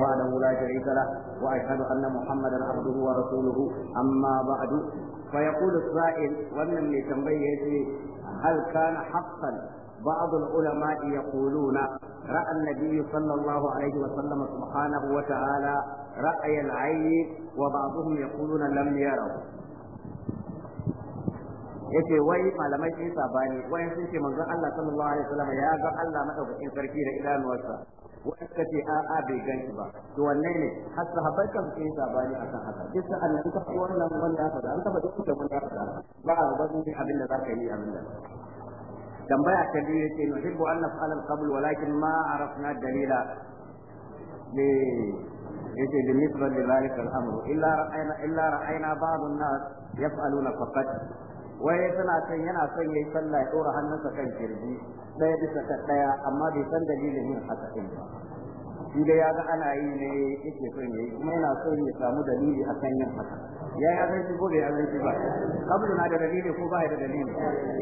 وحده لا شريك له واشهد ان محمدا عبده ورسوله اما بعد فيقول السائل ومن يتنبيه هل كان حقا بعض العلماء يقولون راى النبي صلى الله عليه وسلم سبحانه وتعالى راي العين وبعضهم يقولون لم يروا yace wai malamai sun sabani wai sun ce manzon Allah sallallahu alaihi wasallam ya ga Allah madaukakin sarki da idanuwarsa wanda ka ce a'a bai gani ba to wanne ne har sahabbai kan sai sabani akan haka duk sa'an nan ka faɗi wannan wanda ya faɗa an ka faɗi wannan wanda ya faɗa ba a ba ne abin da za ka yi abin da tambaya ta biyu yace nuhibbu an naf'ala al-qabl walakin ma arafna dalila ne eh, yace bi misra li dhalika al-amr illa ra'ayna illa ra'ayna ba'd an-nas yaf'aluna faqat waye tana son yana son yayi sallah ya dora hannunsa kan kirji daya bisa ta daya amma bai san dalilin yin haka din ba shi da ya ga ana yi ne yake son yayi kuma yana son ya samu dalili akan yin haka ya yi azanci ko bai azanci ba kabul na da dalili ko ba da dalili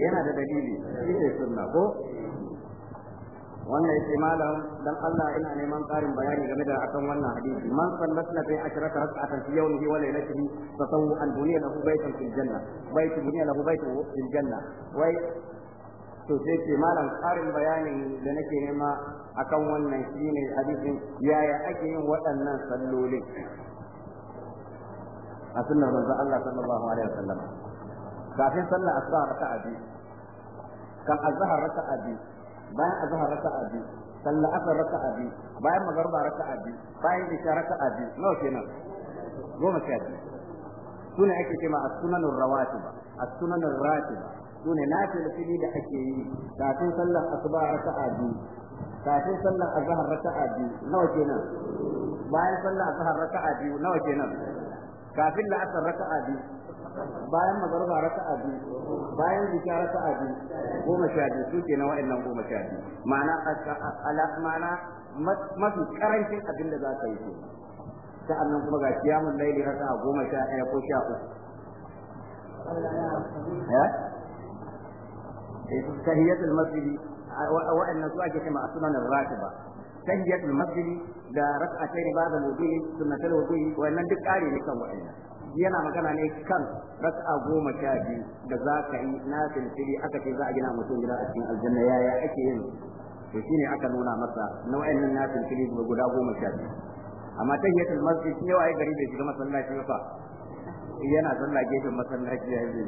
yana da dalili shi ne sunna ko wannan yake malam dan Allah ina neman ƙarin bayani game da akan wannan hadisi man sallat na bai ashraka rak'atan fi yawmihi wa laylatihi fatawu an duniya lahu baytan fil janna baytu duniya lahu baytu fil janna wai to sai ce malam ƙarin bayanin da nake nema akan wannan shine hadisin yaya ake yin waɗannan sallolin a sunnar manzon Allah sallallahu alaihi wasallam kafin sallar asar raka'a biyu kan azhar raka'a biyu bayan azhar raka'a biyu sallar asar raka'a biyu bayan magharba raka'a biyu bayan isha raka'a biyu nawa kenan goma sha biyu sune ake cewa as-sunanur rawatib as-sunanur ratib sune nafil fili da ake yi kafin sallar asuba raka'a biyu kafin sallar azhar raka'a biyu nawa kenan bayan sallar azhar raka'a biyu nawa kenan kafin la'asar raka'a biyu bayan magarba raka'a biyu bayan isha raka'a biyu goma sha biyu su ke na wa'annan goma sha biyu ma'ana ma'ana mafi karancin abin da za ka yi sa'annan kuma ga kiyamun laili raka'a goma sha ɗaya ko sha uku eh, tahiyatul masjidi wa'annan su ake kama sunanin ratiba tahiyatul masjidi da raka'atayn ba'da wudu'i sunnatul wudu'i nan duk ƙari ne kan wa'annan yana magana ne kan raka'a goma sha biyu da za ka yi na filfili aka ce za a gina mutum gida a cikin aljanna yaya ake yin to ne aka nuna masa na wa'annan na filfili guda goma sha biyu amma tahiyatul masjid yau ai gari bai shiga masallaci ba fa yana zalla gefen masallaci ya yi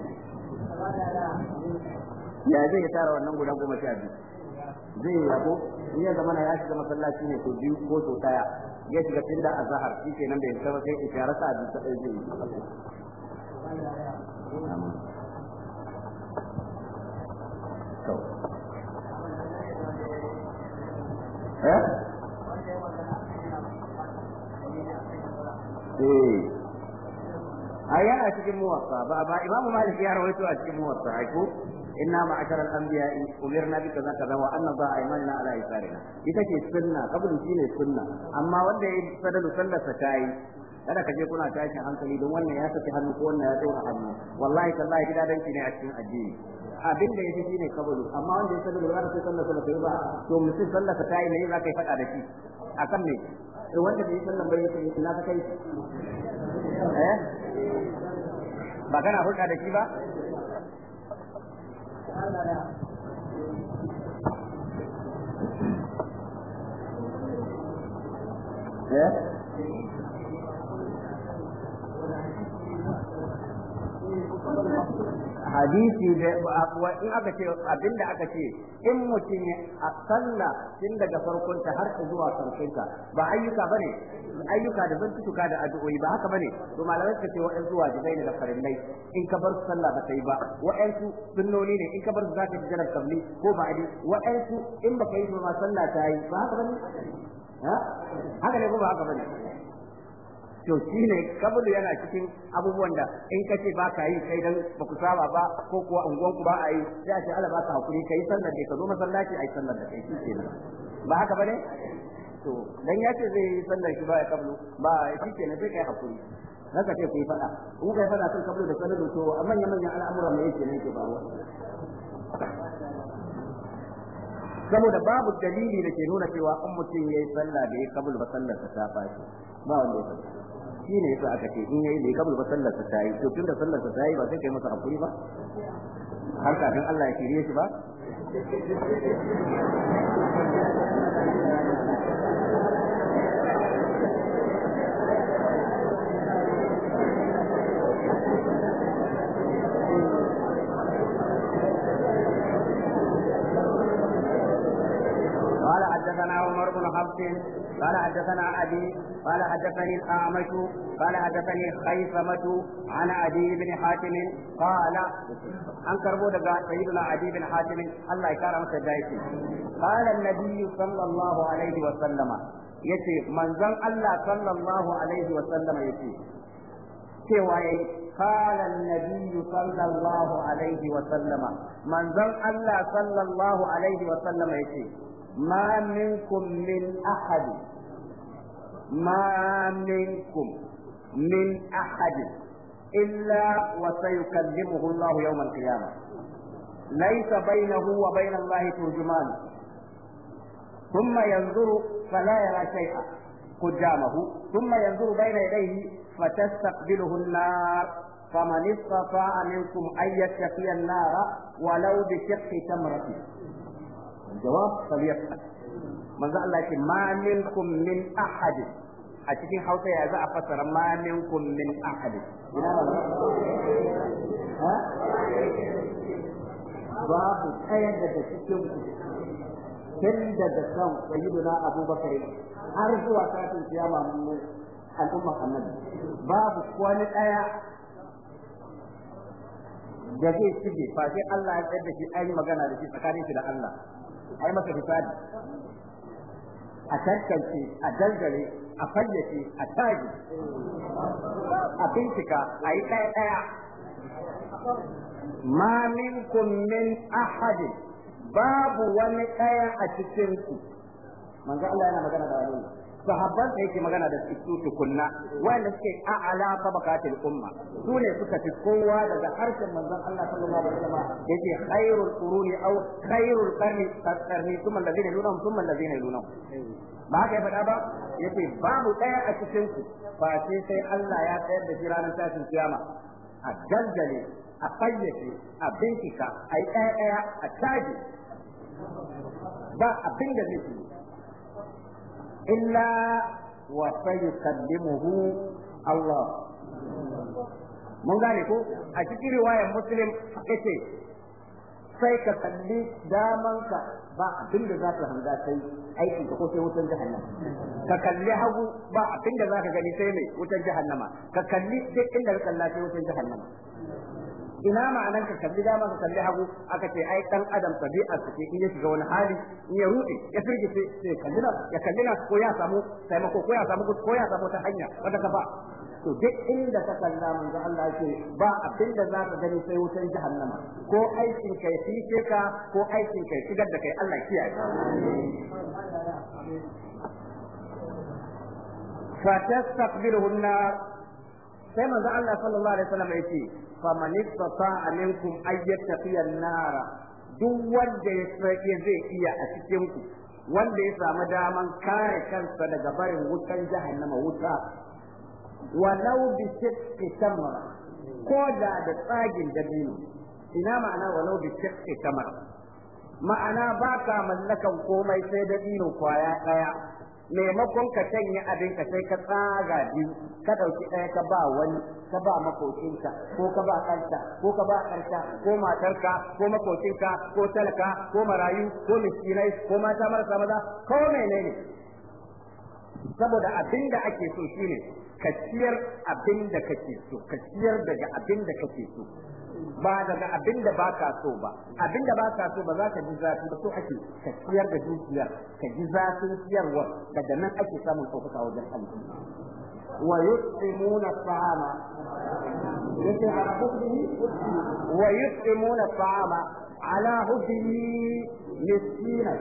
ya zai tara wannan guda goma sha biyu zai yabo in ya zama ya shiga masallaci ne to biyu ko to daya ya shiga tun da azhar shi ke nan da ya ba sai isharar sa biyu da zai yi a Eh. Aya a cikin muwasa ba ba imamu Malik ya rawaito a cikin muwasa ai inna ma'ashara al-anbiya umirna bi kaza kaza wa anna za aymanina ala yasarina ita ce sunna kabulin shine sunna amma wanda ya sadalu sallarsa tayi kada ka je kuna tashin hankali don wannan ya saki hannu ko wannan ya tsora hannu wallahi tallahi gida danki ne a cikin addini abin da yake shine kabulu amma wanda ya sadalu ba sai sallar sallar ba to mutum sallar ta tayi ne za ka yi fada da shi akan me wanda bai sallar ba yake na ka kai eh ba kana hulɗa da shi ba Yeah. Dạ. hadisi da in aka ce abinda aka ce in mutum ya akalla tun daga farkon ta har zuwa karshen ta ba ayyuka bane ayyuka da zan zantuka da addu'o'i ba haka bane to malamai suka ce wa'an zuwa jibai ne da farillai in ka bar sallah ba sai ba wa'an su sunnoni ne in ka bar zaka ji jarar kabli ko ba adi wa'an su in baka yi ma sallah ta yi ba haka bane haka ne ko ba haka bane to shine kabulu yana cikin abubuwan da in ka ce ba ka yi kai dan ba ku saba ba ko kuwa unguwanku ku ba a yi sai a ce Allah ba ka hakuri kai sallar da ka zo masallaci yi sallar da kai shi ke nan ba haka bane to dan ya ce zai yi sallar shi ba ya kabulu ba shi ke nan sai kai hakuri haka ce ku yi fada in kai fada kan kabulu da sallar to manyan manyan al'amuran mai yake nan ke faruwa saboda babu dalili da ke nuna cewa in mutum ya yi sallah da ya kabul ba sallar ta fashi ba wanda ya fashi shine yasa aka ce in yayi bai kabul ba sallar sa tayi to tunda sallar sa tayi ba sai kai masa hakuri ba har kafin Allah ya shirye shi ba قال حدثنا أبي قال حدثني الأعمش قال حدثني خيثمة عن أبي بن حاتم قال أنكر بودك سيدنا أبي بن حاتم الله يكرم سجايتي قال النبي صلى الله عليه وسلم yace manzon Allah sallallahu alaihi wa sallama yace cewa yayi قال النبي صلى الله عليه وسلم من ذن الله صلى الله عليه وسلم يتي ما منكم من أحد ما منكم من أحد إلا وسيكلمه الله يوم القيامة ليس بينه وبين الله ترجمان ثم ينظر فلا يرى شيئا قدامه ثم ينظر بين يديه فتستقبله النار فمن استطاع منكم أن يتقي النار ولو بشق تمره jawab falyafal manzo Allah ce ma minkum min ahad a cikin Hausa ya za a fassara ma minkum min ahad babu ɗaya daga cikin tun daga kan sayyiduna abubakar har zuwa kafin kiyama mu al'umma annabi babu kwani ɗaya da zai shige fa sai Allah ya tsaya da shi ayi magana da shi tsakanin shi da Allah ai masa hisabi a tantance a dangare a fayyace a tagi a bincika a yi ɗaya ɗaya ma minkum min ahadin babu wani ɗaya a ku manzo Allah yana magana da wani sahabban sa yake magana da su tukunna wanda suke a'ala tabaqatil umma su ne suka fi kowa daga harshen manzon Allah sallallahu alaihi wasallam yace khairul quruni aw khairul qarni qarni thumma alladhina yunahum thumma alladhina yunahum ba haka ya faɗa ba yace babu ɗaya a cikin ku ba sai sai Allah ya tsayar da shi ranar tashin kiyama a daldale a fayyace a bincika a yi ɗaya ɗaya a caji ba abin da zai illa wa sayukallimuhu Allah mun gane ko a cikin riwayar muslim yace sai ka kalli damanka ba abin za ka hanga sai aikin ko sai wutan jahannama ka kalli hagu ba abin za ka gani sai mai wutan jahannama ka kalli duk inda ka kalla sai jahannama ina ma'anar ka kalli dama ka kalli hagu aka ce ai dan adam tabi'a su ce in ya shiga wani hali in ya rufe ya firge sai kalli na ya kalli na ko ya samu taimako ko ya samu ko ya samu ta hanya wanda ka ba to duk inda ka kalla manzo Allah yake ba abin da za ka gani sai wutan jahannama ko aikin kai fice ka ko aikin kai shigar da kai Allah kiyaye fa tastaqbiluhu sai manzo Allah sallallahu alaihi wasallam yake faman istata'a minkum ay yattaqiya duk wanda ya zai iya a cikin wanda ya samu daman kare kansa daga barin wutan jahannama wuta walau bi shiqqi tamra ko da da tsagin dabino ina ma'ana walau bi shiqqi tamra ma'ana ba ka mallakan komai sai dabino kwaya daya maimakon ka sanya abin ka sai ka tsaga biyu ka ɗauki ɗaya ka ba wani ka ba makocinka ko ka ba ko ka ba ƙarta ko matarka ko makocinka ko talaka ko marayu ko miskinai ko mata marasa maza ko menene saboda abin da ake so shine ka ciyar abin da kake so ka ciyar daga abin da kake so ba daga abin da baka so ba abin da baka so ba za ka ji zafi ba so ake ka ciyar da dukiya ka ji zafin ciyarwa daga nan ake samun ɗaukaka wajen Allah wa yusimuna fa'ama yake a hubbihi wa yusimuna fa'ama ala miskina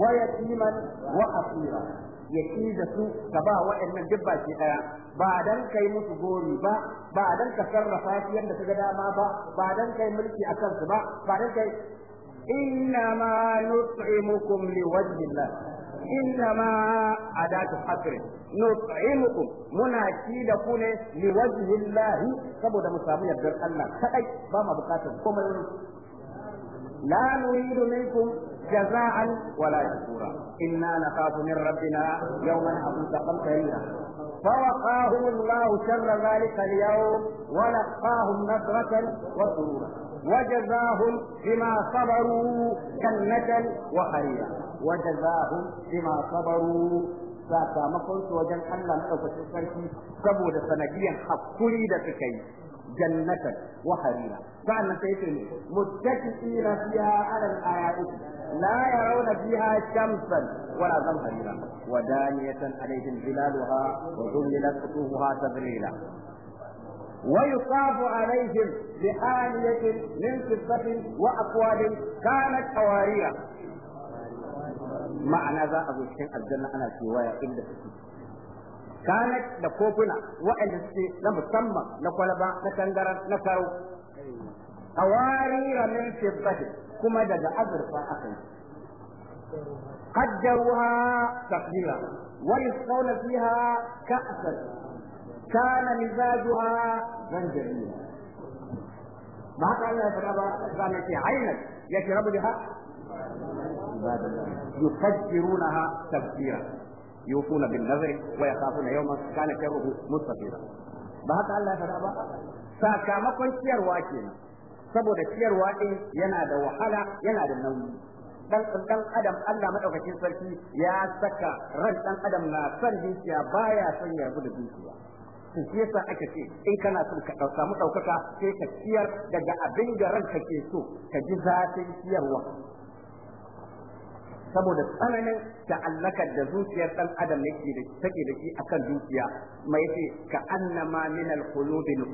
wa yatiman wa asira ya ci da su ka ba waɗannan duk baki ɗaya ba dan kai musu gori ba ba dan ka sarrafa su yadda su ga dama ba ba dan kai mulki a kansu ba ba dan kai inna ma nut'imukum liwajhillah inna ma adatu hasr nut'imukum muna ci da ku ne liwajhillah saboda mu samu yardar Allah kadai ba mu bukatar komai la nuridu minkum جزاء ولا شكورا إنا نخاف من ربنا يوما عبوسا قمتهنا فوقاهم الله شر ذلك اليوم ولقاهم نظرة وسرورا وجزاهم بما صبروا جنة وحريرا وجزاهم بما صبروا sakamakon su wajen Allah ɗaukacin sarki saboda sanadiyan hakuri da suka yi jannatan wa harira sa'annan sai ce ne muttaqina fiha alal al uku. لا يرون فيها شمسا ولا زمهريرا ودانية عليهم ظلالها وذللت قطوفها تذليلا ويصاب عليهم بحانية من فضة وأكواب كانت قوارير معنى ذا أبو الشيخ الجنة أنا في رواية إلا كانت لكوبنا وإلا في لم تسمى musamman na kwalaba na من فضة kuma daga azurfa aka yi تقديرا ويسقون فيها كأسا كان مزاجها زنجبيلا ما قال الله تعالى في عينك يشرب بها يفجرونها تفجيرا يوفون بالنذر ويخافون يوما كان شره مستطيرا ما قال الله تعالى sakamakon ciyarwa kenan saboda ciyarwa din yana da wahala yana da nauyi dan dan adam Allah madaukakin sarki ya saka ran dan adam na son dukiya baya son ya gudu da dukiya to shi yasa aka ce in kana so ka samu daukaka sai ka ciyar daga abin da ranka ke so ka ji zafin ciyarwa saboda tsananin ta'allakar da zuciyar dan adam yake da take da shi akan dukiya mai ce ka annama min al-qulubi al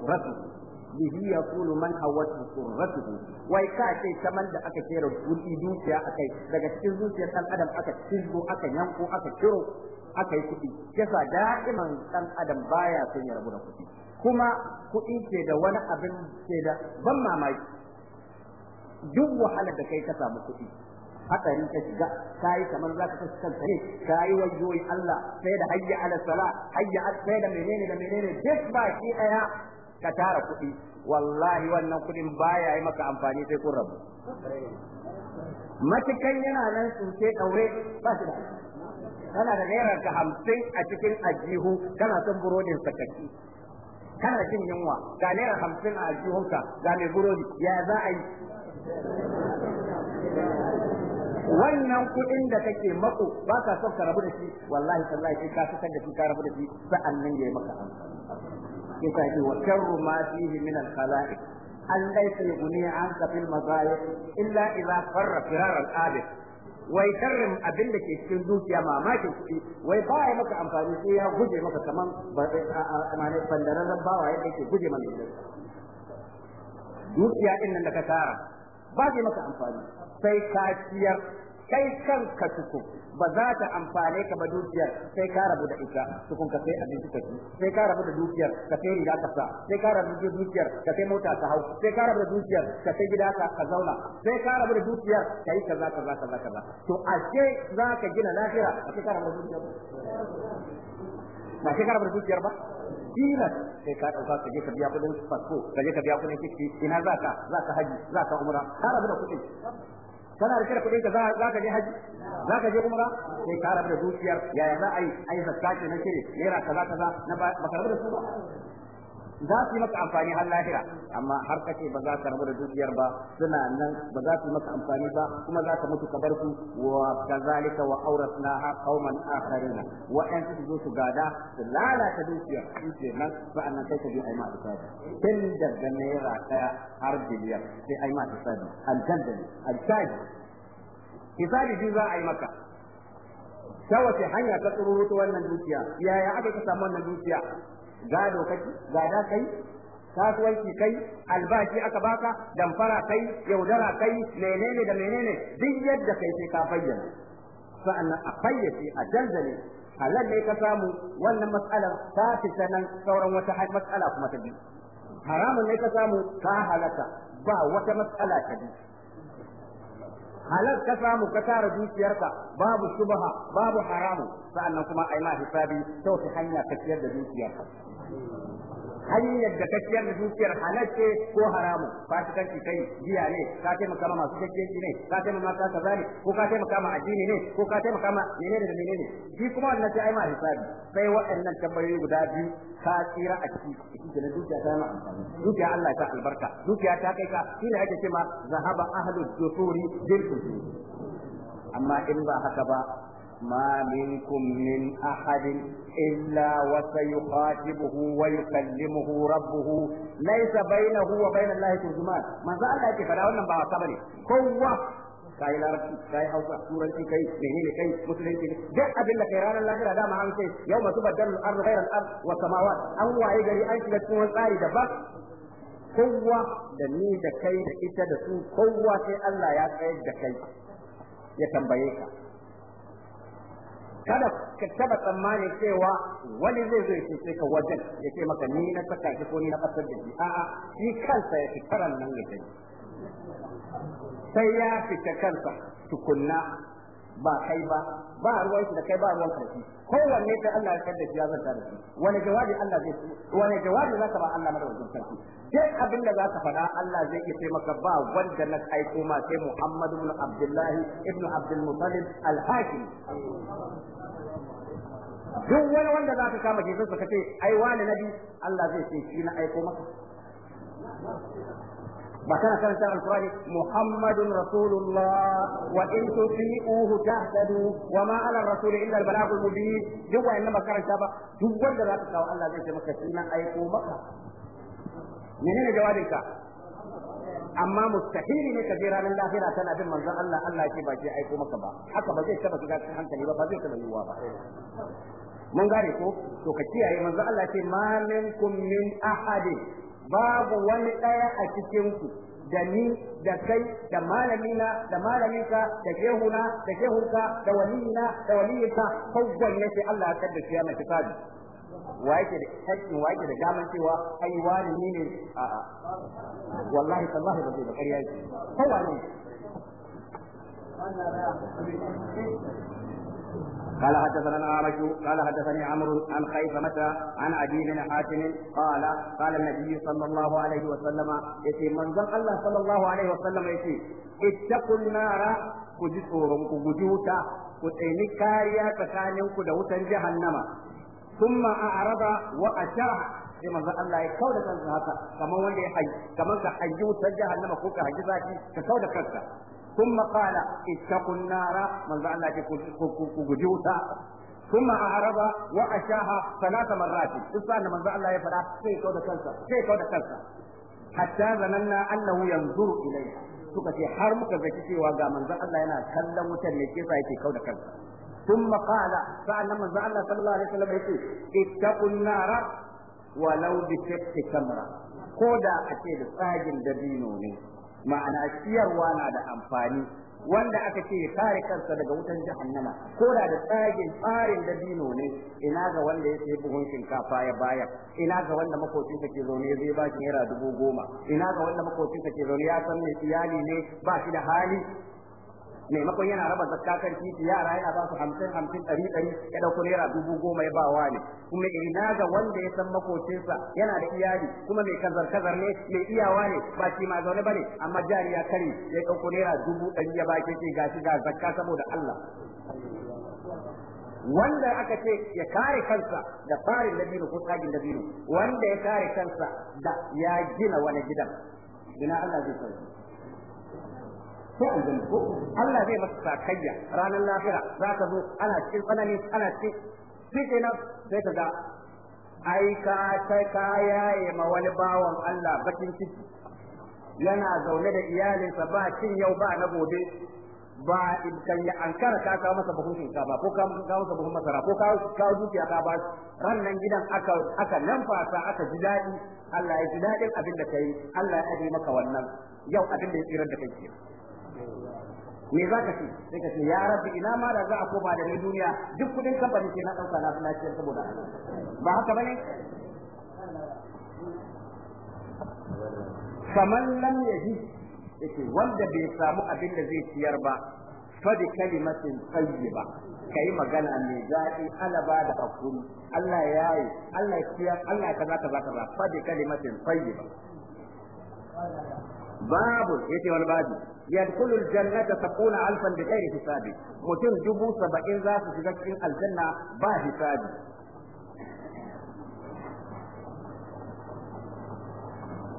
bihi yaqulu man hawatu qurratuhu wai ka ce kaman da aka kera kudi dukiya akai daga cikin zuciyar dan adam aka cizgo aka yanko aka ciro aka yi kudi yasa da'iman dan adam baya son ya rabu da kudi kuma kuɗi ke da wani abin ke da ban mamaki duk wahalar da kai ka samu kuɗi. hatsari ka shiga kayi kamar za ka kashe kanka ne kayi wajoyi Allah sai da hayya ala sai da menene da menene duk baki daya ka tara kuɗi wallahi wannan kuɗin baya yi maka amfani sai kun rabu matukan yana nan sosai ɗaure ba shi da kana da naira ka hamsin a cikin ajihu kana son burodin sakaki kana jin yunwa ga naira hamsin a ajihunka ga mai burodi ya za a yi wannan kuɗin da kake mako ba ka son ka rabu da shi wallahi sallahi sai ka san da shi ka rabu da shi sa'an nan ya yi maka amfani yasa yake wa sharru ma fihi min al khalaiq an laysa yughni anka fil mazayib illa idha farra firar al abid wai sharrin abin da ke cikin dukiya mamakin kuɗi wai ba ya maka amfani sai ya guje maka kaman bandararren bawa yadda ke guje mana dukiya din nan da ka tara ba zai maka amfani sai ka ciyar kai kanka tukun ba za ta amfane ka ba dukiyar sai ka rabu da ita tukun ka sai a ka ci sai ka rabu da dukiyar ka sai riga ka sa sai ka rabu da dukiyar ka sai mota ka hau sai ka rabu da dukiyar ka sai gida ka ka zauna sai ka rabu da dukiyar ka yi kaza kaza kaza kaza to ashe za ka gina lafira a sai ka rabu da dukiyar ba sai ka rabu da dukiyar ba tilas sai ka dauka ka je ka biya kudin fasfo ka je ka biya kudin kiki ina za ka za ka haji za ka umra ka rabu da kudin kana da kuɗin ka za ka je haji za ka je umra sai ka rabu da zuciyar yaya za a yi ai zakka ce na kire naira kaza kaza na ba ka rabu da su ba za su yi maka amfani har lahira amma har kace ba za ka rabu da dukiyar ba suna nan ba za su yi maka amfani ba kuma za ka mutu ka bar su wa kazalika wa awrasnaha qauman akharina wa an su zo su gada su lalata dukiyar su ce nan sa'annan kai ka bi ai ma hisabi tun daga naira daya har biliyar sai ai ma hisabi alkandali alkandali hisabi biyu za a yi maka ta wace hanya ta tsururutu wannan dukiya yaya aka ka samu wannan dukiya gado kake gada kai kasuwanci kai albashi aka baka damfara kai yaudara kai menene da menene duk yadda kai sai ka bayyana sa'annan a fayyace a halal ne ka samu wannan matsalar ta fi nan sauran wata matsala kuma ta biyu haramun ne ka samu ka halaka ba wata matsala ta bi. Halar ka samu ka tara dukiyarka babu shubha babu haramu sa'annan kuma ai ma hisabi ta hanya ka ciyar da dukiyarka hanyar da ka ciyar da dukiyar halacce ko haramu haramun fasikanci kai giya ne ka taimaka ma masu kakkenci ne ka taimaka ma kaza ne ko ka taimaka ma addini ne ko ka taimaka ma menene da menene shi kuma wannan sai ai ma hisabi sai waɗannan tambayoyi guda biyu ka tsira a ciki shi ke dukiya ta ma amfani dukiya Allah ta albarka dukiya ta kai ka shi ne ake cewa zahaba ahlul dusuri bil amma in ba haka ba ما منكم من أحد إلا وسيخاطبه ويكلمه ربه ليس بينه وبين الله ترجمان ما زال الله يكفر أولا بعد كبري قوة kayi larabci kayi hausa turanci kai menene kai musulunci duk abin da kai ranar lahira dama an ce yau masu baddalul ardu ghairal ard wa an waye gari an shiga cikin wani tsari da ba kowa da ni da kai da ita da su kowa sai Allah ya tsayar da kai ya tambaye ka kada ka taba tsammanin cewa wani zai zo ya ce ka wajen ya ce maka ni na saka shi ko ni na kasar da shi a'a shi kansa ya fitaran nan ya gani sai ya fita kansa tukunna ba kai ba ba ruwan shi da kai ba ruwan karfi kowanne kai Allah ya kaddace ya zanta da shi wani jawabi Allah zai wani jawabi ka ba Allah madawacin sarki duk abin da za ka faɗa Allah zai iya sai maka ba wanda na aiko ma sai Muhammadu ibn Abdullahi ibn Abdul Muttalib al-Hakim duk wani wanda za ka kama Jesus ka ce ai wani nabi Allah zai ce shi na aiko maka ba kana karanta alqur'ani muhammadun rasulullah wa in tuti'uhu tahtadu wa ma 'ala ar-rasul illa al-balagul mubin duk wanda ba karanta ba duk wanda za ka kawo Allah zai ce maka shi na aiko maka menene jawabinka amma mustahili ne ka je ranar lahira tana bin manzon Allah Allah ke ba ke aiko maka ba haka ba zai taba shiga cikin hankali ba ba zai taba yiwuwa ba mun gane ko to ka kiyaye manzo Allah ce ma minkum min ahadi babu wani daya a cikin ku da ni da kai da malamina da malaminka da shehuna da shehunka da waliyina da waliyinka kowanne yace Allah ya kaddara kiyama kitabi wa yake da hakkin waye da gaman cewa ai wani ne ne a'a wallahi tallahi ba da kariya ce kowanne قال حدثنا الأعرج قال حدثني عمرو عن خيثمة عن عدي بن حاتم قال قال النبي صلى الله عليه وسلم يتي من الله صلى الله عليه وسلم يتي اتقوا النار كجوتا كتيني كاريا تكانيوك دوتا جهنم ثم أعرض وأشرح sai manzo Allah ya kauda kansa haka kamar wanda ya haji kamar ka haji wutar jahannama ko ka haji zaki ka kauda kanka ثم قال اتقوا النار من الله كجوتا ثم أعرض وأشاها ثلاث مرات استنى من الله يفرع سيكو دكالسا سيكو دكالسا حتى ظننا أنه ينظر إليها suka ce har muka zaki cewa ga manzon Allah yana kallon wutar ne ke sa yake kauda kansa ثم قال فعل manzon Allah sallallahu alaihi wasallam yace ittaqun nara walau bi shaqqi tamra ko da a ce da tsagin dabino ne ma'ana ciyarwa na da amfani wanda aka ce ya kare kansa daga wutan jahannama ko da da tsagin tsarin dabino ne ina ga wanda ya sayi buhun shinkafa ya baya ina ga wanda makocin ke zaune zai ba shi naira dubu goma ina ga wanda makocin ke zaune ya san mai iyali ne ba shi da hali maimakon yana raba zakka kan titi yara yana ba su hamsin hamsin ɗari ɗari ya ɗauko naira dubu goma ya ba wa ne kuma ina ga wanda ya san makocinsa yana da iyali kuma mai kazar kazar ne mai iyawa ne ba shi ma zaune bane amma jari ya kare ya ɗauko naira dubu ɗari ya ba ke gashi ga zakka saboda Allah wanda aka ce ya kare kansa da farin dabino ko tsagin dabino wanda ya kare kansa da ya gina wani gidan ina Allah zai sauke sai aljanna ko Allah zai masa sakayya ranar lahira za ka zo ana cikin tsanani ana cikin shi sai ka ga ai ka ta kaya ma wani bawan Allah bakin ciki yana zaune da iyalinsa ba cin yau ba na gobe ba in kan ya ankara ka kawo masa buhun ba, ko ka kawo masa buhun masara ko ka kawo dukiya ka ba ran gidan aka aka aka ji daɗi Allah ya ji daɗin abin da kai Allah ya aje maka wannan yau abin da ya tsirar da kai kenan me za ka ce sai ka ce ya rabbi ina ma da za a koma da ni duniya duk kudin kamfani ce na ɗauka na lafiyar saboda ba haka bane ya lam yaji yake wanda bai samu abin da zai ciyar ba fa bi kalimatin tayyiba kai magana mai daɗi alaba da hakuri Allah ya yi Allah ya ciyar Allah kaza kaza kaza fa bi kalimatin tayyiba babu يتي wani babu yadkhulu aljannata taquna alfan bi ghairi hisabi mutum dubu saba'in za su shiga cikin aljanna ba hisabi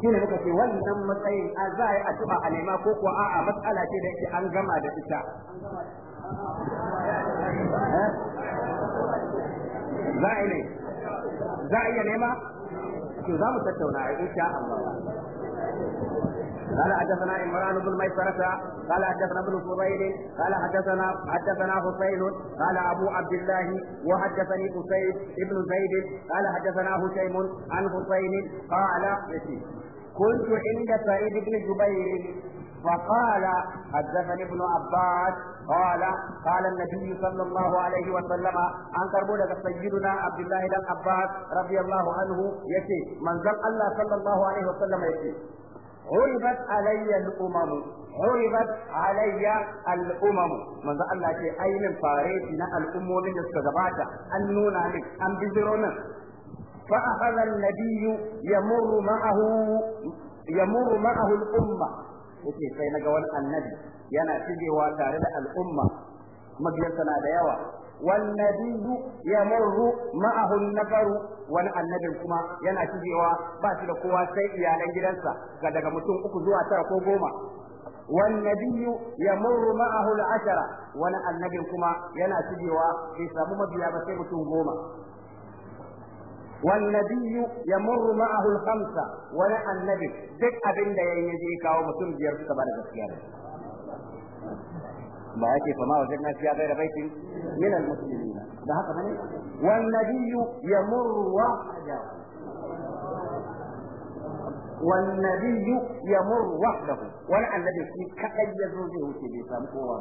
shine ce wannan matsayin a za a yi addu'a a nema ko kuwa a'a matsala ce da yake an gama da ita za a yi ne a iya nema to za mu tattauna a Allah قال حدثنا عمران بن ميسرة قال حدثنا ابن فضيل قال حدثنا حدثنا حسين قال أبو عبد الله وحدثني حسين بن زيد قال حدثنا هشيم عن حسين قال كنت عند سعيد بن جبير فقال حدثني ابن عباس قال قال النبي صلى الله عليه وسلم عن كربونا سيدنا عبد الله بن عباس رضي الله عنه يتي من الله صلى الله عليه وسلم يتي غلبت علي الأمم غلبت علي الأمم من ذا الله كي أين فاريتنا الأمم من السجبات النون عليك أم بزرون فأخذ النبي يمر معه يمر معه الأمة yake sai النبي ga wani annabi yana shigewa tare والنبي يمر معه النفر wani annabin kuma yana cijewa ba shi da kowa sai iyalan gidansa ga daga mutum uku zuwa tara ko goma wannabiyu ya murru ma'ahu ashara wani annabin kuma yana shigewa bai samu mabiya ba sai mutum goma wannabiyu ya murru ma'ahu hamsa wani annabin duk abin da ya yi kawo mutum biyar suka ba da gaskiya ba yake fama wajen na fiya gaira baitin min al-muslimina da haka bane wan nabiyyu yamurru wahdahu والنبي يمر وحده وانا الذي في كأي يزوجه za سامكوا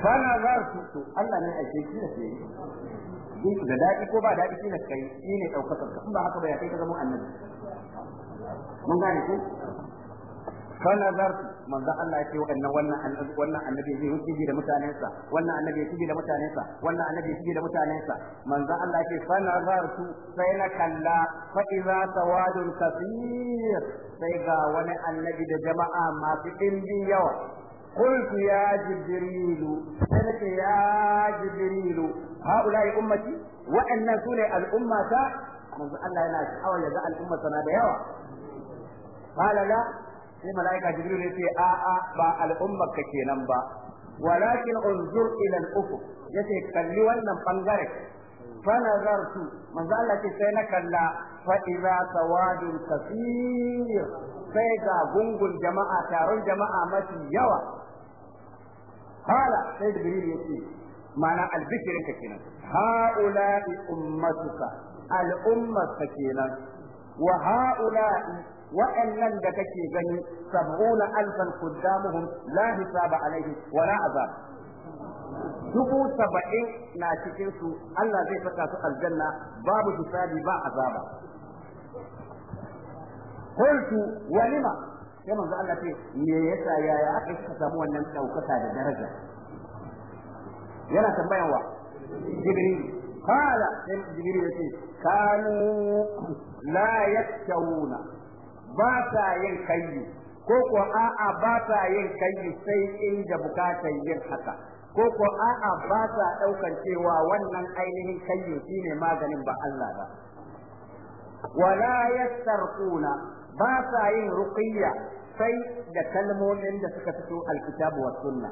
فنظرت Allah ne aike shi da da dadi ko ba dadi shi ne kai shi ne daukar ka ba haka ba ya kai ka zama annabi mun gane ku? fa nazartu manzo Allah ce wannan wannan wannan annabi zai wuce wannan annabi ya shige da mutanensa wannan annabi ya da mutanensa manzo Allah ya ce fa sai na kalla fa idza sawadun kathir sai ga wani annabi da jama'a masu ɗimbin yawa قلت يا جبريل قلت يا جبريل هؤلاء أمتي وأن سنة الأمة manzo Allah yana sha'awar ya ga al'ummarsa na da yawa qala sai mala'ika jibril ya ce a a ba al'ummar ka kenan ba walakin unzur ila al-ufuq yace kalli wannan bangare fanazartu manzo Allah ce sai na kalla fa idza sawadun kaseer sai ga gungun jama'a taron jama'a mafi yawa hala sai jibril ya mana al albishirin ka kenan ha'ula'i ummatuka al'ummar ka kenan wa ha'ula'i Waɗannan da kake gani sab'una alfan quddamuhum la hisaba alaihi wala azab dubu saba'in na cikin su Allah zai saka su aljanna babu hisabi ba azaba qultu walima sai manzo Allah ce me yasa yaya aka samu wannan daukaka da daraja yana tambayan wa jibril qala sai jibril yace kanu la yaktawuna ba sa yin kayyu ko ko a'a ba sa yin kayyu sai in da bukatar yin haka ko ko a'a ba sa daukan cewa wannan ainihin kayyu shine maganin ba Allah ba wala yastarquna ba sa yin ruqiyya sai da kalmomin da suka fito alkitabu wa sunna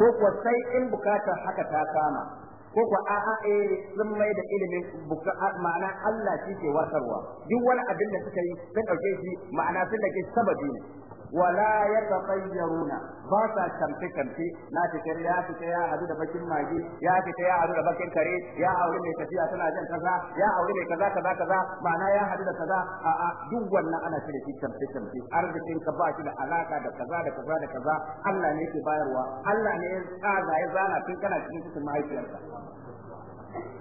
ko ko sai in bukatar haka ta kama ko ko a eh sun mai da ilimin ma'ana Allah shi ke warkarwa duk wani abin da suka yi sun dauke shi ma'ana sun dake sababi ne wala yatatayyaruna ba sa kamfe kamfe na fitar ya fita ya hadu da bakin magi ya fita ya hadu da bakin kare ya aure mai tafiya tana jan kaza ya aure mai kaza kaza kaza ma'ana ya hadu da kaza a a duk wannan ana cire shi kamfe kamfe arzikin ka ba shi da alaka da kaza da kaza da kaza Allah ne yake bayarwa Allah ne ya tsaga ya zana tun kana cikin cikin mahaifiyarka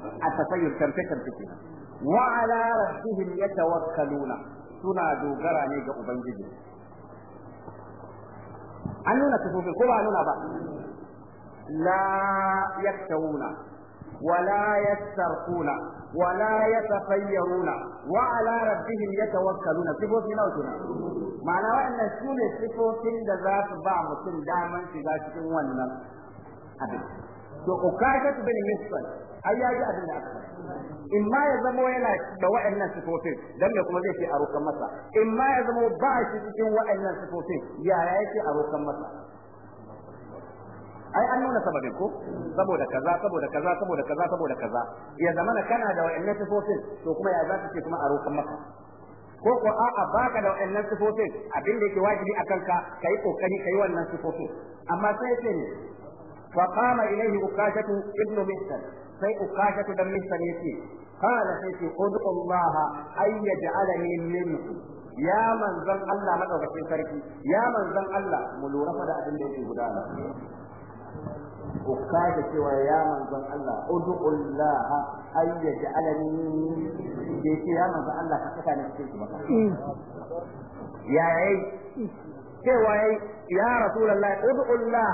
a tasayyur kamfe kamfe kenan wa ala rabbihim yatawakkaluna suna dogara ne ga ubangiji an nuna sufufin ko ba a nuna ba la yaktawuna wala yastarquna wala yatafayyaruna wa ala rabbihim yatawakkaluna sifofi nawa kenan ma'ana wa'annan su ne sifofin da za su ba mutum daman shiga cikin wannan abin to ukashatu bin misal ai ya ji abin da aka in ma ya zamo yana da wa'annan sifofin dan me kuma zai ce a rokan masa in ma ya zamo ba shi cikin wa'annan sifofin ya yake a rokan masa ai an nuna sababin ko saboda kaza saboda kaza saboda kaza saboda kaza ya zama na kana da wa'annan sifofin to kuma ya za ce kuma a rokan masa ko ko a baka da wa'annan sifofin abin da yake wajibi akan ka kai kokari kai wannan sifofin amma sai ce ne فقام إليه أكاشة ابن محسن سي أكاشة بن محسن يتي قال سيتي ادعو الله أن يجعلني منه يا من زن الله مدوكين سركي يا من زن الله ملورة فدا أبن ديكي بدانا أكاشة سوى يا من زن الله ادعو الله أن يجعلني ديكي يا من زن الله كتكا نفسي يا أي cewa yayi ya rasulullahi ud'u Allah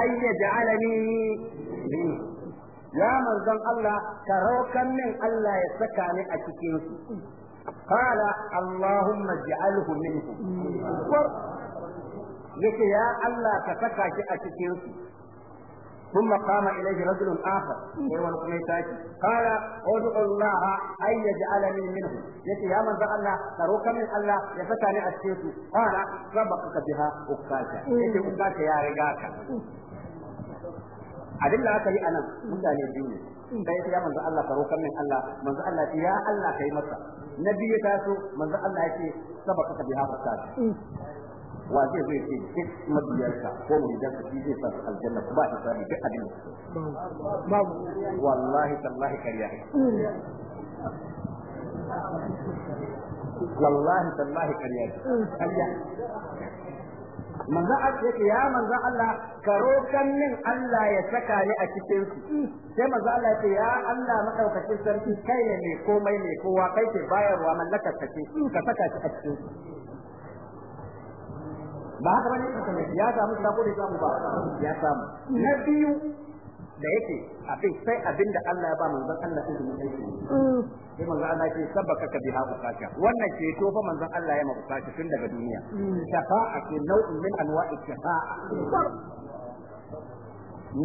ay yaj'alani bi ya manzon Allah ka rokan min Allah ya saka ni a cikin su qala allahumma ij'alhu minhum yake ya Allah ka saka shi a cikin su ثم قام إليه رجل آخر هو القميتاج قال ادعو الله أن يجعلني منه يتي يا من ذا الله تروك من الله يفتني الشيخ قال سبقك بها أكاكا يتي أكاكا يا رجاكا abin da aka yi anan mutane biyu ne da ya manzo Allah karo roƙar min Allah manzo Allah ya Allah kai masa nabi ya taso manzo Allah yake sabaka ka biha fasad wa zai zai ce duk mabiyarsa ko muridansa shi zai sa su aljanna ba ta sami duk abin da babu wallahi tallahi kariya wallahi tallahi kariya kariya manzo yake ya manzo Allah karo kannin Allah ya saka ni a cikin su sai manzo Allah yake ya Allah madaukakin sarki kai ne mai komai ne kowa kai ke bayarwa mallakar ka ce ka saka shi a cikin su ba haka bane ya samu sako da samu ba ya samu na biyu da yake abin sai abinda Allah ya ba manzon Allah sai mu aiki mm. sai manzon Allah ce sabaka ka biha ukaka wannan ce to fa manzon Allah ya mabukaci tun daga duniya mm. shafa'a ke nau'in min anwa'i shafa'a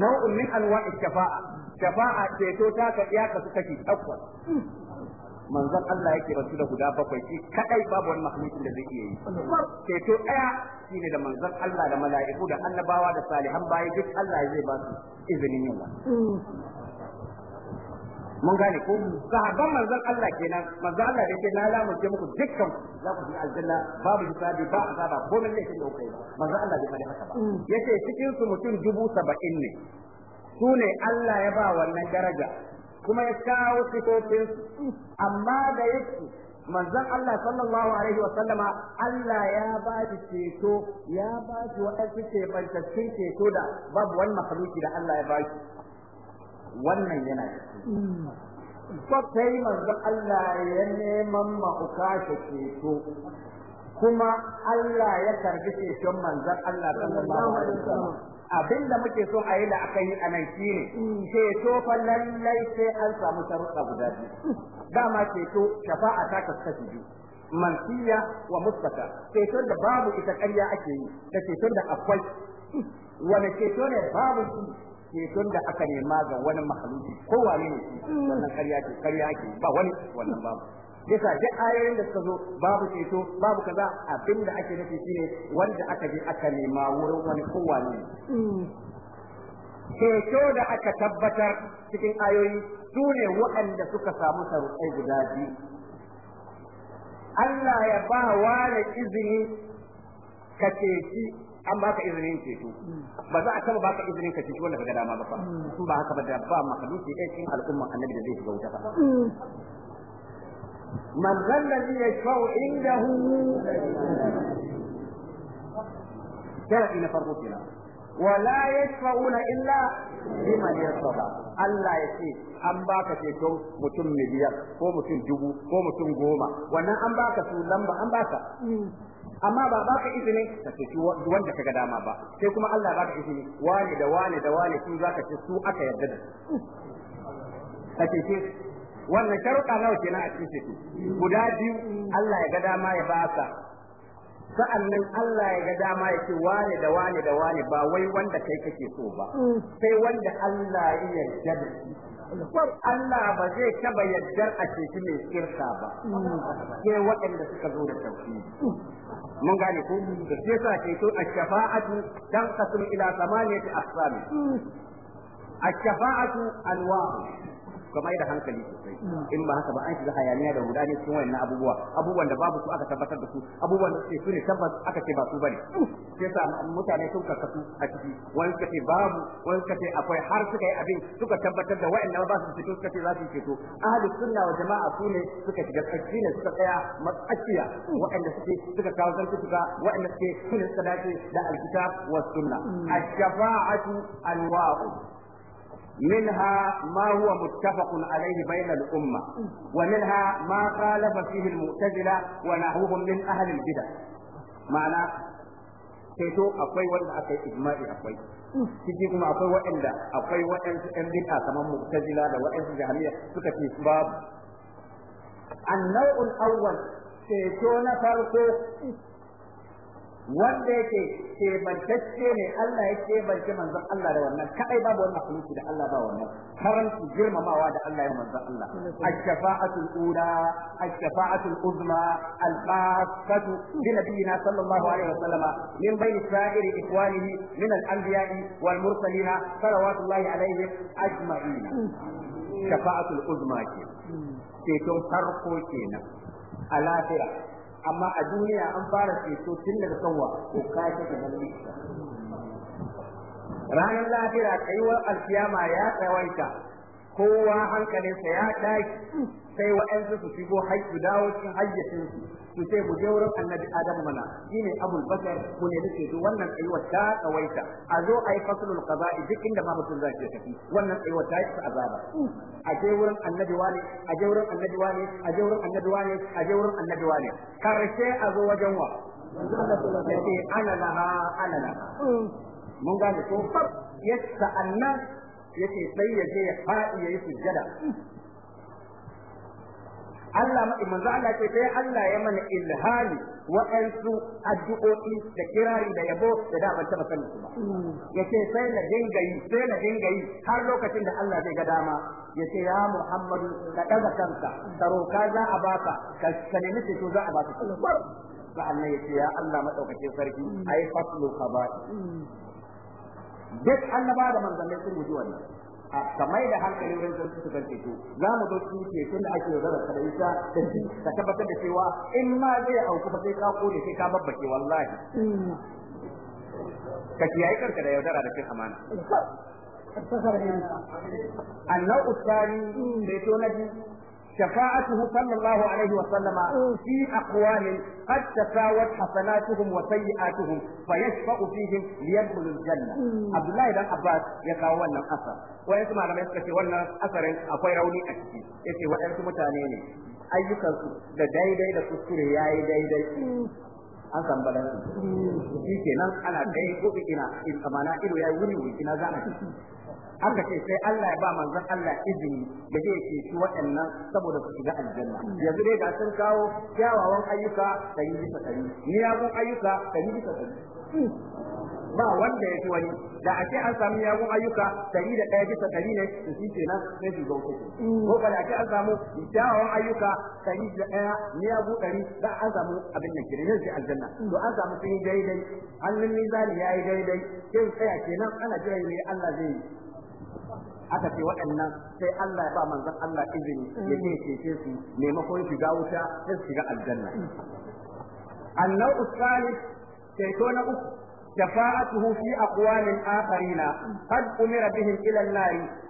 nau'in min anwa'i shafa'a shafa'a ce to ta ka iya ka suka ki takwas mm. manzon Allah yake rasu da guda bakwai shi kadai babu wani makhlukin da zai iya yi ceto daya shine da manzon Allah da mala'iku da annabawa da salihan bayi duk Allah zai ba su izinin yin mun gane ko sahabban manzon Allah kenan manzon Allah da yake na lamunce muku dukkan za ku shiga aljanna babu hisabi ba azaba ko nan ne yake da kai manzon Allah bai faɗi haka ba yace cikin su mutum dubu saba'in ne su ne Allah ya ba wannan daraja kuma ya kawo sifofin amma da yake manzon Allah sallallahu alaihi wa sallama Allah ya ba shi ceto ya ba shi waɗansu kebantattun ceto da babu wani makhluki da Allah ya ba shi wannan yana sai manzon Allah ya neman ma'uka ceto kuma Allah ya karbi ceton manzon Allah sallallahu alaihi wa sallama Abin da muke so a yi la'akari a nan shi ne ceto fa lallai sai an samu sharuɗa guda biyu dama ceto shafa'a ta kaskashi biyu mansiya wa mustaka ceton da babu ita ƙarya ake yi da ceton da akwai wani ceto ne babu shi ceton da aka nema ga wani mahaluki ko wane ne wannan ƙarya ce ƙarya ake ba wani wannan babu yasa duk ayoyin da suka zo babu ceto babu kaza abinda ake nufi shine wanda aka je aka nema wurin wani kowa ceto da aka tabbatar cikin ayoyi sune waɗanda suka samu sarukai guda biyu Allah ya ba wa da izini ka ceci an baka izinin ceto ba za a taba baka izinin ka ceci wanda ka ga dama ba fa ba haka ba da ba makaluki al'umma cikin al'umma annabi da zai shiga wuta ba من ذا الذي يشفع عنده شرعي نفرق كنا ولا يشفعون إلا liman yarda Allah ya ce an baka ceton mutum miliyan ko mutum dubu ko mutum goma wannan an baka su lamba an baka amma ba baka izini ka ceci wanda kaga dama ba sai kuma Allah baka izini wani da wani da wani su zaka ce su aka yarda da su ka ceci wannan sharuɗa nawa kenan a cikin shi guda biyu Allah ya ga dama ya ba ka sa'annan Allah ya ga dama ya ce wane da wane da wane ba wai wanda kai kake so ba sai wanda Allah ya yarda da shi Allah ba zai taba yarda a cikin mai kirka ba sai waɗanda suka zo da tauhidi mun gane ko da sai sa to a shafa'atu tanqasu qasim ila samaniyati aqsam الشفاعة أنواع ka mai da hankali sosai in ba haka ba an shiga hayaniya da gudanar cikin wayannan abubuwa abubuwan da babu su aka tabbatar da su abubuwan da suke sune tabbas aka ce ba su bane sai sa mutane sun karkasu a ciki wani suka ce babu wani suka ce akwai har suka yi abin suka tabbatar da wayannan ba su fito suka ce za su fito ahli sunna wa jama'a su ne suka shiga tsaki ne suka tsaya matsakiya wayanda suke suka kawo zantuka wayanda suke sune suka dace da alkitab was sunna mm. ash-shafa'atu anwa'u منها ما هو متفق عليه بين الأمة ومنها ما خالف فيه المعتزلة ونحوهم من أهل البدع معنى ceto akwai wanda aka yi ijma'i akwai ciki kuma akwai waɗanda akwai waɗansu ɗan bid'a kamar mu'tazila da waɗansu jahiliya suka ce babu awwal ceto na farko wanda yake kebantacce ne Allah ya kebance manzon Allah da wannan kadai babu wannan halittu da Allah ba wannan karanci girmamawa da Allah ya manzon Allah ash-shafa'atul ula ash-shafa'atul uzma al-khassatu bi nabiyina sallallahu alaihi wasallam min bayni sa'iri ikhwanihi min al-anbiya'i wal mursalina salawatullahi alaihim ajma'in shafa'atul uzma ke ceton farko kenan a lafiya amma a duniya an fara ceto tun daga kanwa ko kake da nabi ranar lahira kaiwar alkiyama ya tsawaita kowa hankalinsa ya tashi sai wa'ansu su shigo haiku dawo cikin hayyacinsu ku ce mu je wurin annabi adam mana shine abul bakar ku ne dace to wannan aiwa ta kawaita a zo a ai faslul qada'i duk inda ma mutum zai ke tafi wannan aiwa ta yi azaba a je wurin annabi wani a je wurin annabi wani a je wurin annabi wani a je wurin annabi wani karshe a zo wajen wa yace ana laha ana laha mun gane ko fab yasta annan yace sai ya je ya fa'i yayi sujjada Allah eh, manzo Allah ce sai Allah ya mana ilhami waɗansu addu'o'i da kirari da yabo da da ban taba sani. su ba yace sai na dinga yi sai na dinga yi har lokacin da Allah zai ga dama yace ya Muhammadu ka daga kanka ka roka za a baka ka nemi ceto za a baka sa'annan yace ya Allah madaukakin sarki ai faslu khaba'i duk annaba da manzanni sun guji wannan ka da hankali wurin sarki su kan ceto za mu zo cikin tun da ake yaudara ka da isa da shi ka tabbatar da cewa in ma zai auku ba sai ka kone sai ka babbake wallahi hmm. ka kiyaye karka da yaudara da cin amana annau da ceto hmm. na biyu شفاعته صلى الله عليه وسلم في أقوام قد تساوت حسناتهم وسيئاتهم فيشفع فيهم ليدخلوا الجنة عبد الله بن عباس يكاونا أثر ويسمع لما يسكت ولا أثر أقوي روني أكتي يسي وأنت متانيني ayyukansu da daidai da kuskure ya yi daidai an san balansu shi kenan ana kai ko ina in amana ido ya yi wuri wuri ina zana aka ce sai Allah ya ba manzon Allah izini da zai ce shi waɗannan saboda su shiga aljanna yanzu dai ga sun kawo kyawawan ayyuka ɗari bisa ɗari miyagun ayyuka ɗari bisa ɗari ba wanda ya fi wani da a ce an samu miyagun ayyuka ɗari da ɗaya bisa ɗari ne su shi nan sai su zo ko kada a ce an samu kyawawan ayyuka ɗari da ɗaya miyagu ɗari da an samu abin da ke zai aljanna to an samu sun yi daidai hannun mizani ya yi daidai sai tsaya kenan ana jira ne Allah zai yi aka ce waɗannan sai Allah ya ba manzon Allah izini ya ce cece su maimakon ga wuta sai shiga aljanna annau usali ceto na uku شفاعته har أقوام آخرين قد أمر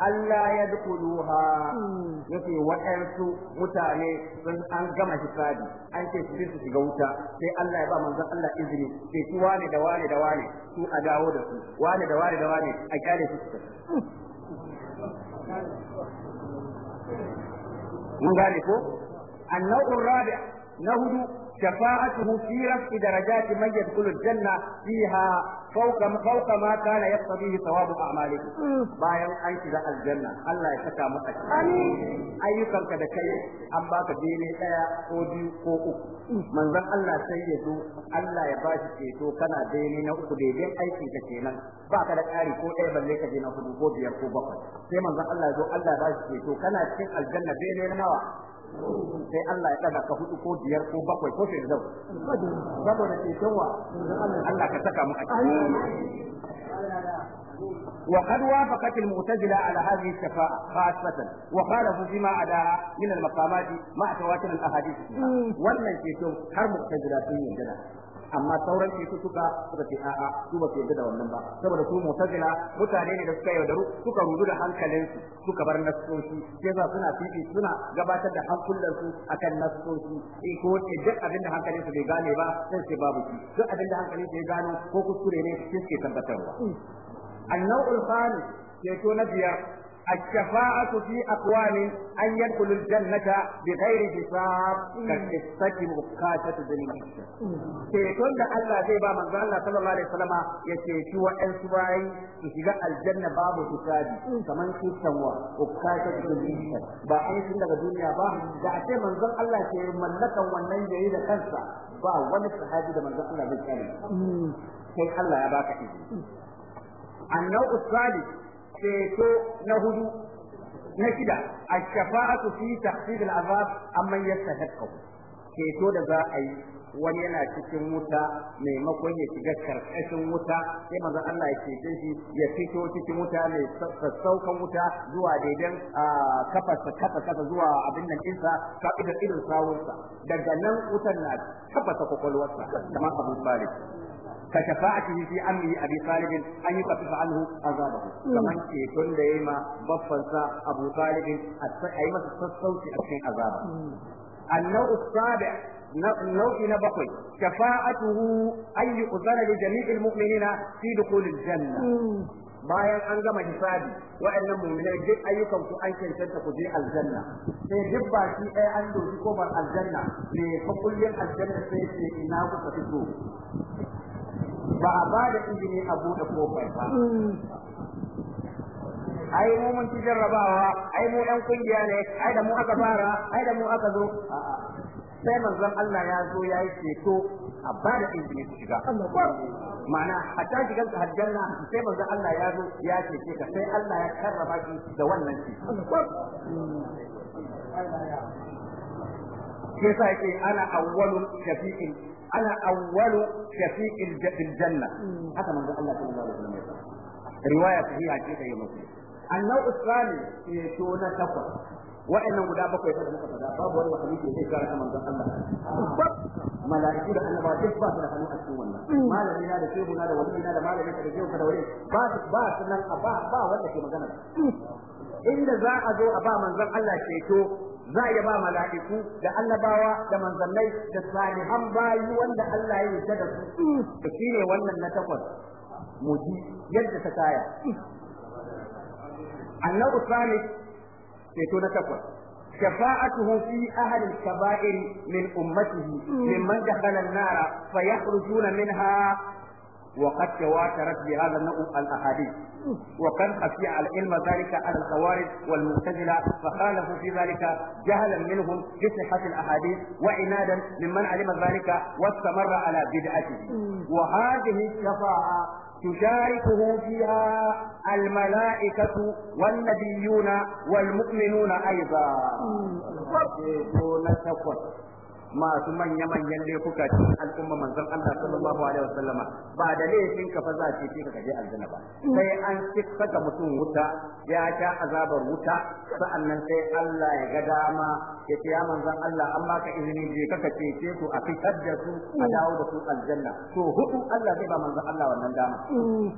Allah ya duk ألا Ya يتي waɗansu mutane sun an gama hisabi an ce su su shiga wuta sai Allah ya ba manzon Allah izini sai su wane da wane da wane su a dawo da su wane da wane da wane a kyale su mun gane ko annabi rabi' na hudu شفاعته في رفع درجات من يدخل الجنة فيها فوق فوق ما كان يقتضيه ثواب أعماله. بايع أي شيء الجنة الله يشكى مسك. أيكم كذا كي أم باك ديني أيا أودي أوكو. من ذا الله سيدو الله يباشي كيتو كان ديني نوكو ديني أي شيء كينا. باك da ƙari ko ɗaya balle ka je na hudu ko biyar ko bakwai sai manzon Allah ya zo Allah ya bashi ceto kana cikin aljanna bene nawa sai Allah ya daga ka hudu ko biyar ko bakwai ko sai zau saboda ke cewa Allah ka saka mu a cikin وقد وافقت المعتزلة على هذه الشفاعة خاصة وخالفوا فيما عداها من المقامات مع تواتر الأحاديث ولا يكون هر معتزلة في الجنة amma sauran su suka ce a'a su ba su yarda da wannan ba saboda su mutazila mutane ne da suka yaudaru suka rudu da hankalinsu suka bar nasoshi sai za suna fifi suna gabatar da hankulansu akan nasoshi in eh, ko ce duk abin da hankalinsu bai gane ba sai sai babu shi duk abin da hankalinsu ya gano ko kuskure ne sai ke tabbatarwa mm. annau ulfani ceto na biyar الشفاعة في أقوام أن يدخلوا الجنة بغير حساب كالقصة مقاسة ذنب سيكون ده الله زي بابا من الله صلى الله عليه وسلم يسيكي وأن سباي يشيغا الجنة باب حساب كمان في سوا مقاسة ذنب باقي سنة الدنيا با da a ce manzon Allah ke mallakan wannan yayi da kansa ba wani sahabi da manzon Allah zai kare sai Allah ya baka izini annau usali ceto na hudu na shida a shafaatu fi tahsil al-azab amman yastahiqu ceto da za a yi wani yana cikin wuta maimakon ya shiga karkashin wuta sai manzon Allah ya cece shi ya fito cikin wuta mai sassaukan wuta zuwa daidan kafarsa kafa kafa zuwa abin nan ɗinsa ka ida irin sawunsa daga nan wutan na tafasa kwakwalwarsa kamar abin bari كشفاعته في أمه أبي طالب أن يخفف عنه عذابه كمن كيتون ديما بفنسا أبو طالب أيما تصوت أبشين عذابه النوع السابع نوع نبقي شفاعته أن يؤذن لجميع المؤمنين في دخول الجنة bayan an gama hisabi wa'annan mu'minai duk ayyukan ku an cancanta ku je aljanna sai duk ɗaya an doki kofar aljanna ne fa kullum aljanna sai ce ina kuka fito ba a ba da izini a buɗe kofar ba ai mu mun ci jarrabawa ai mu ɗan kungiya ne ai da mu aka fara ai da mu aka zo sai manzon Allah ya zo ya yi ceto a ba da izini ku shiga ma'ana hatta shigar ka aljanna sai manzon Allah ya zo ya cece ka sai Allah ya karrama shi da wannan ci ke sa yake ana awwalun shafi'in ana awwalu shafi'il janna haka manzo Allah sallallahu alaihi wasallam ya faɗa riwaya sahiha ce da muslim annau islami ne to na takwas wa'annan guda bakwai da muka faɗa babu wani hadisi zai kare ka manzon Allah mala'iku da annaba duk ba su da hannu a cikin wannan malami na da shehu na da wali na da malami da shehu ka da wali ba su ba su nan a ba ba wanda ke magana inda za a zo a ba manzon Allah ceto za a iya ba mala'iku da annabawa da manzannai da salihan bayi wanda Allah ya yarda da su to shine wannan na takwas muji yadda ta kaya annabi salih ceto na takwas شفاعته في أهل الكبائر من أمته ممن دخل النار فيخرجون منها وقد تواترت بهذا النوع الاحاديث وقد خفي على العلم ذلك على الخوارج والمعتزلة فخالفوا في ذلك جهلا منهم بصحة الأحاديث وعنادا ممن علم ذلك واستمر على بدعته وهذه الشفاعة تشاركه فيها الملائكة والنبيون والمؤمنون أيضا masu manya-manyan laifuka cikin al'umma manzon Allah sallallahu alaihi wasallama ba da laifin ka fa za ce ka kaje aljanna ba sai an saka mutum wuta ya sha azabar wuta sa'annan sai Allah ya ga dama ya ce ya manzon Allah Amma ka izini je kaka cece a fitar da su a dawo da su aljanna to hudu Allah zai ba manzon Allah wannan dama mm.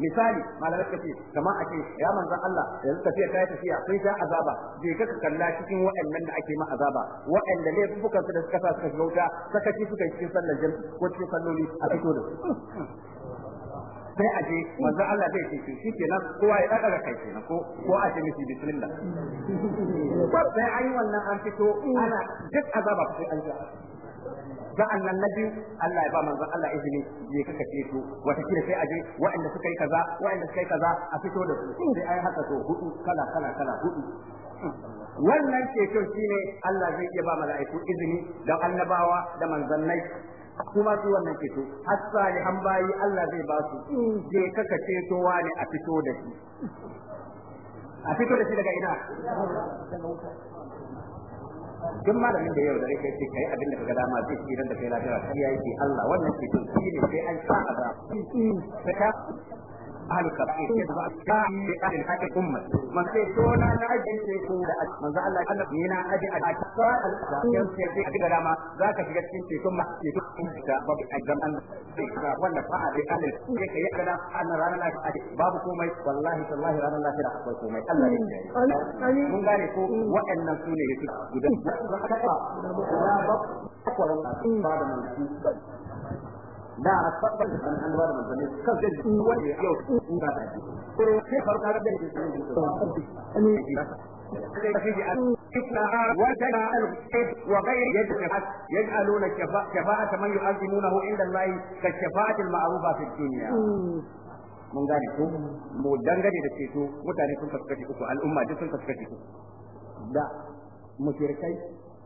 misali malamai kace kamar a ce ya manzan Allah yanzu tafiya ta yi tafiya sun sha azaba je ka kalla cikin waɗannan da ake ma azaba waɗanda ne fukan su da suka sa suka gauta sakaci suka cikin sallar jirgi, ko cikin salloli a fito da sai a je manzo Allah zai ce shi kenan kowa ya daga kai kenan ko ko a ce miki bismillah ko sai ayi wannan an fito ana duk azaba sai an ja sa'an nan na biyu Allah ya ba manzon Allah izini je ka kace su wata kila sai aje waɗanda suka yi kaza waɗanda suka yi kaza a fito da su sai ai haka to hudu kala kala kala hudu wannan ceton shine Allah zai iya ba mala'iku izini da annabawa da manzannai kuma su wannan ceto har salihan bayi Allah zai ba su in je ka kace to wani a fito da shi a fito da shi daga ina duk malamin da yau da rai kai ce kai abin da kaga dama zai ci da kai lafiya kai yake Allah wannan ce to shi ne sai an sa azab sai ahlul tafsir ya ba umma na na ajin sai ko da manzo Allah aji a sai da daga dama ka shiga cikin cikin ma ke duk da babu ajam an wannan fa a dai Allah sai kai an ranar babu komai wallahi tallahi ranar lafiya akwai komai Allah ne mun gane ko waɗannan su ne su guda da ba da mun da a tabbar da an ba da manzanni kan zai yi wani yau in ba da shi ko sai faru ka ga da shi ne وغير يجعلون شفاعة من يعظمونه عند الله كالشفاعة المعروفة في الدنيا mun gane ko mu dangane da ceto mutane sun kaskace uku da mushrikai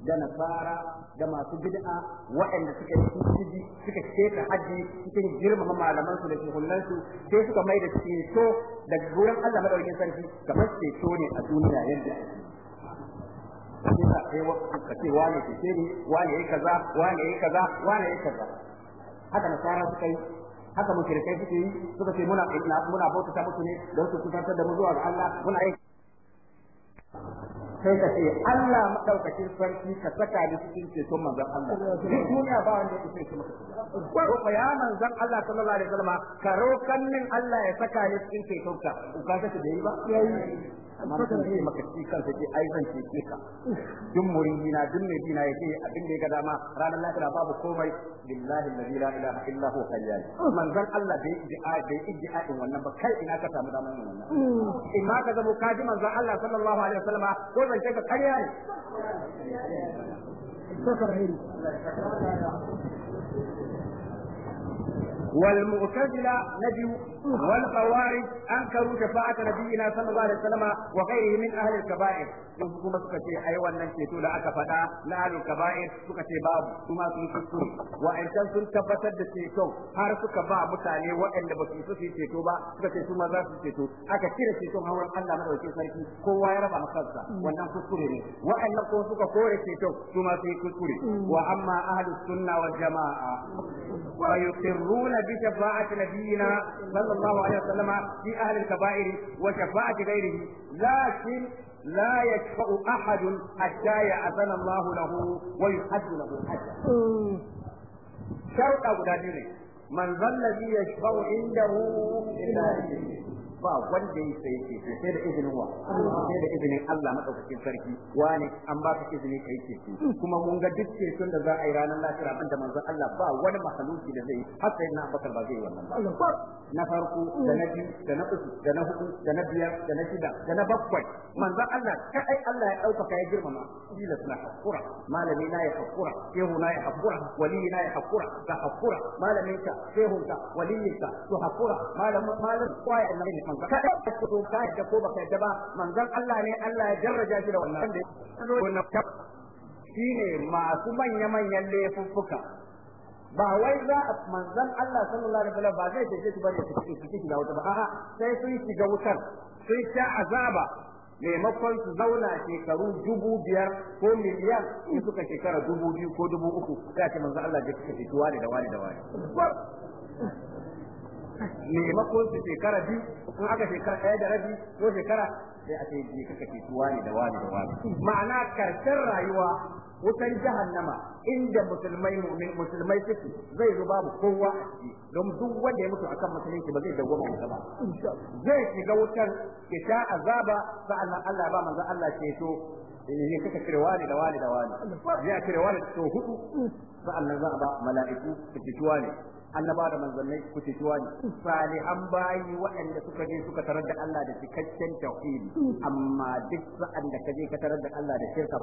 da nasara da masu bid'a waɗanda suka yi suka keta haji cikin girmama malaman su da shugunan su sai suka mai da ceto da gurin Allah madaukakin sarki kamar ceto ne a duniya yadda ake sa kai ka ce wane ke ce ne wane yayi kaza wane yayi kaza wane yayi kaza haka nasara suka yi haka mushrikai suka yi suka ce muna muna bauta ta musu ne don su kusantar da mu zuwa ga Allah muna yi. sai ka ce Allah madaukakin sarki ka saka ni cikin ceton manzon Allah duk duniya ba wanda ya ce maka ko fa ya manzon Allah sallallahu alaihi wasallam karo rokan min Allah ya saka ni cikin ceton ka ka ce da yi ba amma mutum zai maka ci kansa ce ai zan ce ka duk muridina duk mai bina yake abin da ya ga dama ranar lafiya babu komai billahi allazi la ilaha illa huwa hayyan manzon Allah bai iddia bai iddia in wannan ba kai ina ka samu daman wannan in ma ka zama kaji manzon Allah sallallahu alaihi wasallam ko zan ce ka karya ne والمعتزلة نجوا والخوارج أنكروا شفاعة نبينا صلى الله عليه وسلم وغيره من أهل الكبائر kuma suka ce ai wannan ceto da aka faɗa na ahlul kaba'ir suka ce babu kuma sun kuskure wa'ancan sun tabbatar da ceto har suka ba mutane waɗanda ba su su ceto ba suka ce su ma za su ceto aka cire ceton hauren Allah madaukakin sarki kowa ya raba kansa wannan kuskure ne waɗannan ko suka kore ceto su ma su kuskure wa amma jama'a صلى الله عليه وسلم في أهل الكبائر وشفاعة غيره لكن لا يشفع أحد حتى يأذن الله له ويحد له حدا شرط أبو من ذا الذي يشفع عنده إلا إذنه ba wanda ya sai ke sai da izinin wa sai da izinin Allah madaukakin sarki wani an ba ka izini kai ke kuma mun ga duk ceton da za a yi ranar lafiya banda manzon Allah ba wani mahaluki da zai yi har sai na bakar ba zai yi wannan ba na farko da na biyu da na uku da na hudu da na biyar da na shida da na bakwai manzon Allah kai Allah ya ɗaukaka ya girmama kila suna hakura malami na ya hakura shehu na ya hakura wali na ya hakura ka hakura malamin ka shehun ka waliyin ka hakura malamin malamin kwaya na ne manzon kada ka ko ka yadda ko baka yadda ba manzon Allah ne Allah ya jarraja shi da wannan da wannan shine masu manya manyan laifuffuka ba wai za a manzon Allah sallallahu alaihi wasallam ba zai tafi su bane su shiga wuta ba a'a sai sun shiga wutar sun sha azaba maimakon su zauna shekaru dubu biyar ko miliyan in suka shekara dubu biyu ko dubu uku sai ce manzo Allah bai suka fituwa da wani da wani maimakon su shekara biyu in aka shekara ɗaya da rabi ko shekara sai a sai je kake ce wani da wani da wani ma'ana karshen rayuwa wutan jahannama inda musulmai musulmai suke zai zo babu kowa a ciki don duk wanda ya mutu akan musulunci ba zai goma wuta ba zai shiga wutar ya sha azaba nan Allah ba manzo Allah ceto ne eh, kaka kire wani da wani da wani ya kire wani to hudu nan za a ba mala'iku su ci wani annaba da manzannai ku cewa ne salihan bayi waɗanda suka je suka tarar da Allah da cikakken tauhidi amma duk sa'an da ka je ka tarar da Allah da shirka